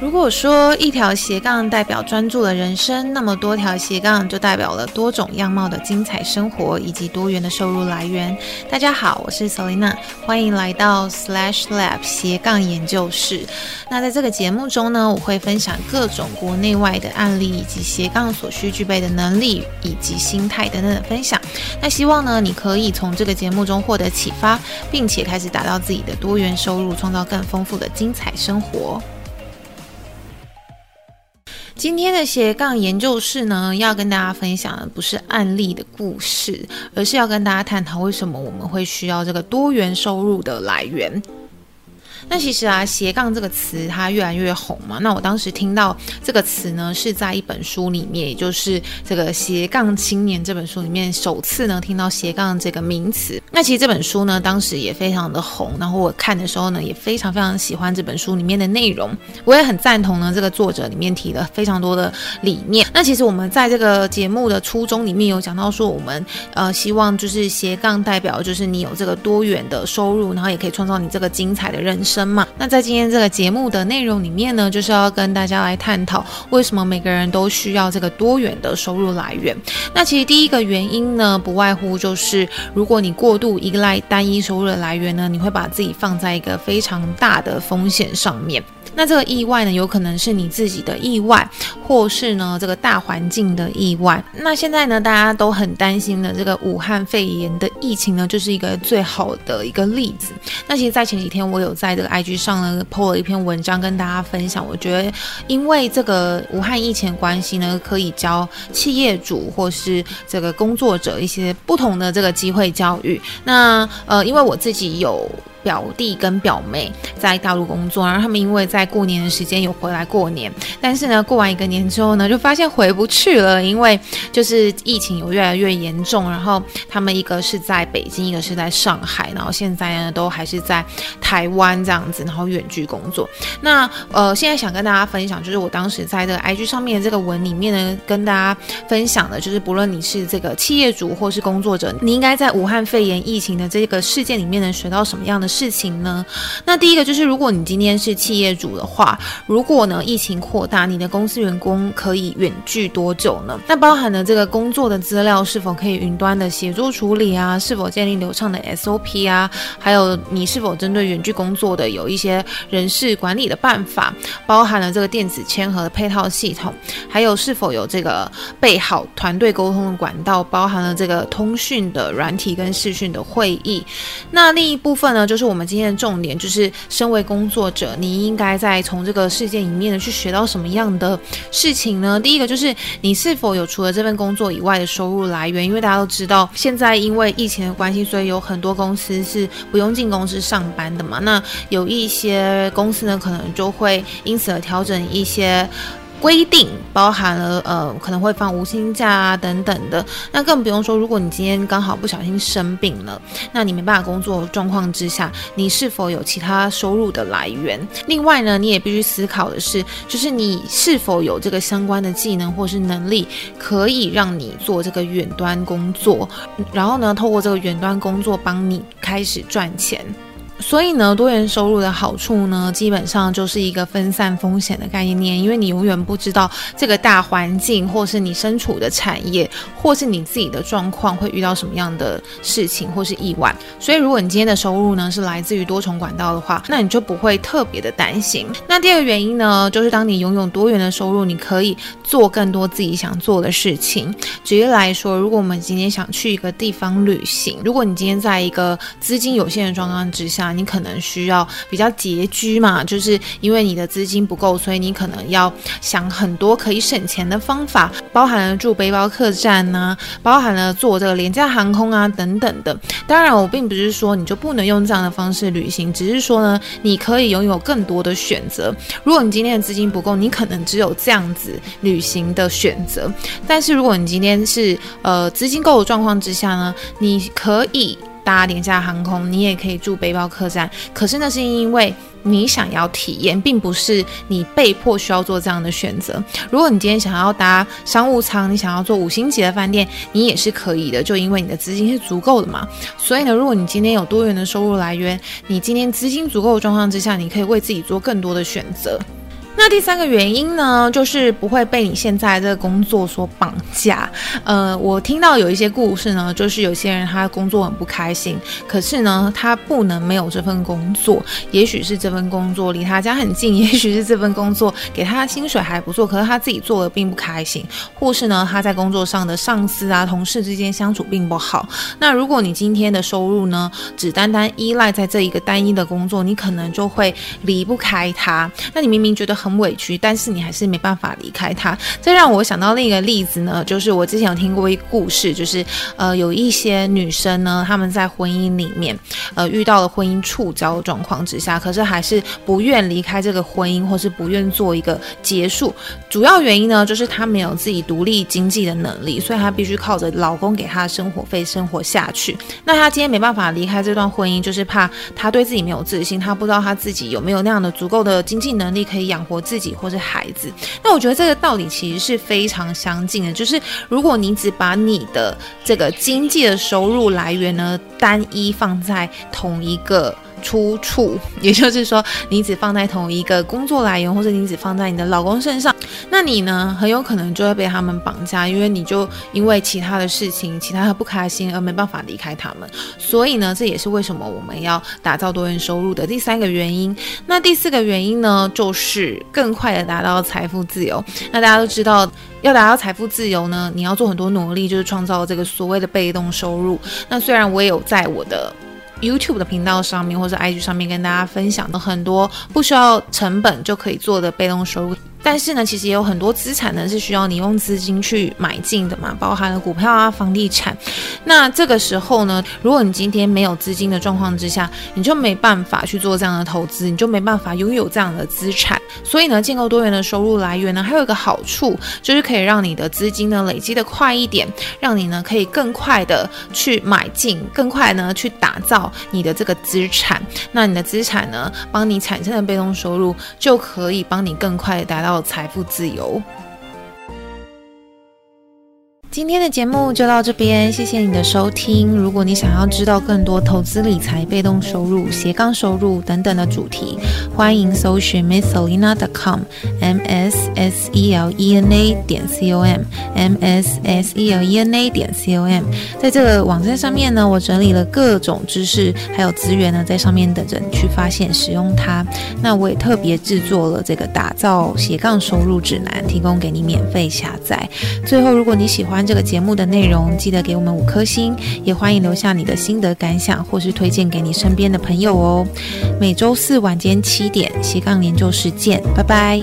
如果說一條斜槓代表專注了人生，那麼多條斜槓就代表了多種樣貌的精彩生活以及多元的收入來源。大家好，我是 Selina，歡迎來到 Slash Lab 斜槓研究室。那在這個節目中呢，我會分享各種國內外的案例，以及斜槓所需具備的能力以及心態等等的分享。那希望呢，你可以從這個節目中獲得啟發，並且開始打造自己的多元收入，創造更豐富的精彩生活。今天的斜槓研究室呢，要跟大家分享的不是案例的故事，而是要跟大家探討為什麼我們會需要這個多元收入的來源。那其實啊，斜槓這個詞它越來越紅嘛。那我當時聽到這個詞呢，是在一本書裡面，也就是這個《斜槓青年》這本書裡面首次呢聽到斜槓這個名詞。那其實這本書呢，當時也非常的紅。然後我看的時候呢，也非常非常喜歡這本書裡面的內容。我也很贊同呢，這個作者裡面提了非常多的理念。那其實我們在這個節目的初衷裡面有講到說，我們呃希望就是斜槓代表就是你有這個多元的收入，然後也可以創造你這個精彩的人生。生嘛，那在今天這個節目的內容裡面呢，就是要跟大家來探討，為什麼每個人都需要這個多元的收入來源。那其實第一個原因呢，不外乎就是，如果你過度依賴單一收入的來源呢，你會把自己放在一個非常大的風險上面。那這個意外呢，有可能是你自己的意外，或是呢這個大環境的意外。那現在呢，大家都很擔心的這個武漢肺炎的疫情呢，就是一個最好的一個例子。那其實，在前幾天我有在這個這個 IG 上呢，PO 了一篇文章跟大家分享。我覺得，因為這個武漢疫情關係呢，可以教企業主或是這個工作者一些不同的這個機會教育。那呃，因為我自己有。表弟跟表妹在大陸工作，然後他們因為在過年的時間有回來過年，但是呢，過完一個年之後呢，就發現回不去了，因為就是疫情有越來越嚴重。然後他們一個是在北京，一個是在上海，然後現在呢都還是在台灣這樣子，然後遠距工作。那呃，現在想跟大家分享，就是我當時在這個 IG 上面的這個文裡面呢，跟大家分享的就是，不論你是這個企業主或是工作者，你應該在武漢肺炎疫情的這個事件裡面能學到什麼樣的事情呢？那第一個就是，如果你今天是企業主的話，如果呢疫情擴大，你的公司員工可以遠距多久呢？那包含了這個工作的資料是否可以雲端的協助處理啊？是否建立流暢的 SOP 啊？還有你是否針對遠距工作的有一些人事管理的辦法，包含了這個電子簽合的配套系統，還有是否有這個備好團隊溝通的管道，包含了這個通訊的軟體跟視訊的會議。那另一部分呢，就就是我們今天的重點，就是身為工作者，你應該在從這個事件裡面去學到什麼樣的事情呢？第一個就是你是否有除了這份工作以外的收入來源，因為大家都知道，現在因為疫情的關係，所以有很多公司是不用進公司上班的嘛。那有一些公司呢，可能就會因此而調整一些。規定包含了呃，可能會放無薪假啊等等的，那更不用說，如果你今天剛好不小心生病了，那你沒辦法工作狀況之下，你是否有其他收入的來源？另外呢，你也必須思考的是，就是你是否有這個相關的技能或是能力，可以讓你做這個遠端工作，然後呢，透過這個遠端工作幫你開始賺錢。所以呢，多元收入的好處呢，基本上就是一個分散風險的概念。因為你永遠不知道這個大環境，或是你身處的產業，或是你自己的狀況會遇到什麼樣的事情或是意外。所以，如果你今天的收入呢是來自於多重管道的話，那你就不會特別的擔心。那第二個原因呢，就是當你擁有多元的收入，你可以做更多自己想做的事情。舉例來說，如果我們今天想去一個地方旅行，如果你今天在一個資金有限的狀況之下，你可能需要比較拮据嘛，就是因為你的資金不夠，所以你可能要想很多可以省錢的方法，包含了住背包客棧吶、啊，包含了坐這個廉價航空啊等等的。當然，我並不是說你就不能用這樣的方式旅行，只是說呢，你可以擁有更多的選擇。如果你今天的資金不夠，你可能只有這樣子旅行的選擇；但是如果你今天是呃資金夠的狀況之下呢，你可以搭廉價航空，你也可以住背包客棧。可是那是因為你想要體驗，並不是你被迫需要做這樣的選擇。如果你今天想要搭商務艙，你想要住五星級的飯店，你也是可以的，就因為你的資金是足夠的嘛。所以呢，如果你今天有多元的收入來源，你今天資金足夠的狀況之下，你可以為自己做更多的選擇。那第三個原因呢，就是不會被你現在這個工作所綁架。呃，我聽到有一些故事呢，就是有些人他工作很不開心，可是呢，他不能沒有這份工作。也許是這份工作離他家很近，也許是這份工作給他薪水還不錯，可是他自己做的並不開心，或是呢，他在工作上的上司啊、同事之間相處並不好。那如果你今天的收入呢，只單單依賴在這一個單一的工作，你可能就會離不開他。那你明明覺得很。很委屈，但是你還是沒辦法離開他。這讓我想到另一個例子呢，就是我之前有聽過一個故事，就是呃，有一些女生呢，她們在婚姻裡面，呃，遇到了婚姻觸礁的狀況之下，可是還是不願離開這個婚姻，或是不願做一個結束。主要原因呢，就是她沒有自己獨立經濟的能力，所以她必須靠着老公給她的生活費生活下去。那她今天沒辦法離開這段婚姻，就是怕她對自己沒有自信，她不知道她自己有沒有那樣的足夠的經濟能力可以養活自己或是孩子，那我覺得這個道理其實是非常相近的。就是如果你只把你的這個經濟的收入來源呢，單一放在同一個。出處，也就是說，你只放在同一個工作來源，或者你只放在你的老公身上，那你呢，很有可能就會被他們綁架，因為你就因為其他的事情，其他的不開心而沒辦法離開他們。所以呢，這也是為什麼我們要打造多元收入的第三個原因。那第四個原因呢，就是更快的達到財富自由。那大家都知道，要達到財富自由呢，你要做很多努力，就是創造這個所謂的被動收入。那雖然我也有在我的。YouTube 的頻道上面，或者 IG 上面，跟大家分享的很多不需要成本就可以做的被動收入。但是呢，其實也有很多資產呢是需要你用資金去買進的嘛，包含了股票啊、房地產。那這個時候呢，如果你今天沒有資金的狀況之下，你就沒辦法去做這樣的投資，你就沒辦法擁有這樣的資產。所以呢，建構多元的收入來源呢，還有一個好處就是可以讓你的資金呢累積的快一點，讓你呢可以更快的去買進，更快的呢去打造你的這個資產。那你的資產呢，幫你產生的被動收入，就可以幫你更快的達到。到財富自由。今天的節目就到這邊，謝謝你的收聽。如果你想要知道更多投資理財、被動收入、斜槓收入等等的主題，歡迎搜尋 missolina.com。m s s e l e n a 點 c o m m s s e l e n a 點 c o m 在這個網站上面呢，我整理了各種知識，還有資源呢，在上面等着你去發現、使用它。那我也特別制作了這個打造斜槓收入指南，提供給你免費下載。最後，如果你喜歡這個節目的內容，記得給我們五顆星，也歡迎留下你的心得感想，或是推薦給你身邊的朋友哦。每周四晚間七點，斜槓研究室見，拜拜。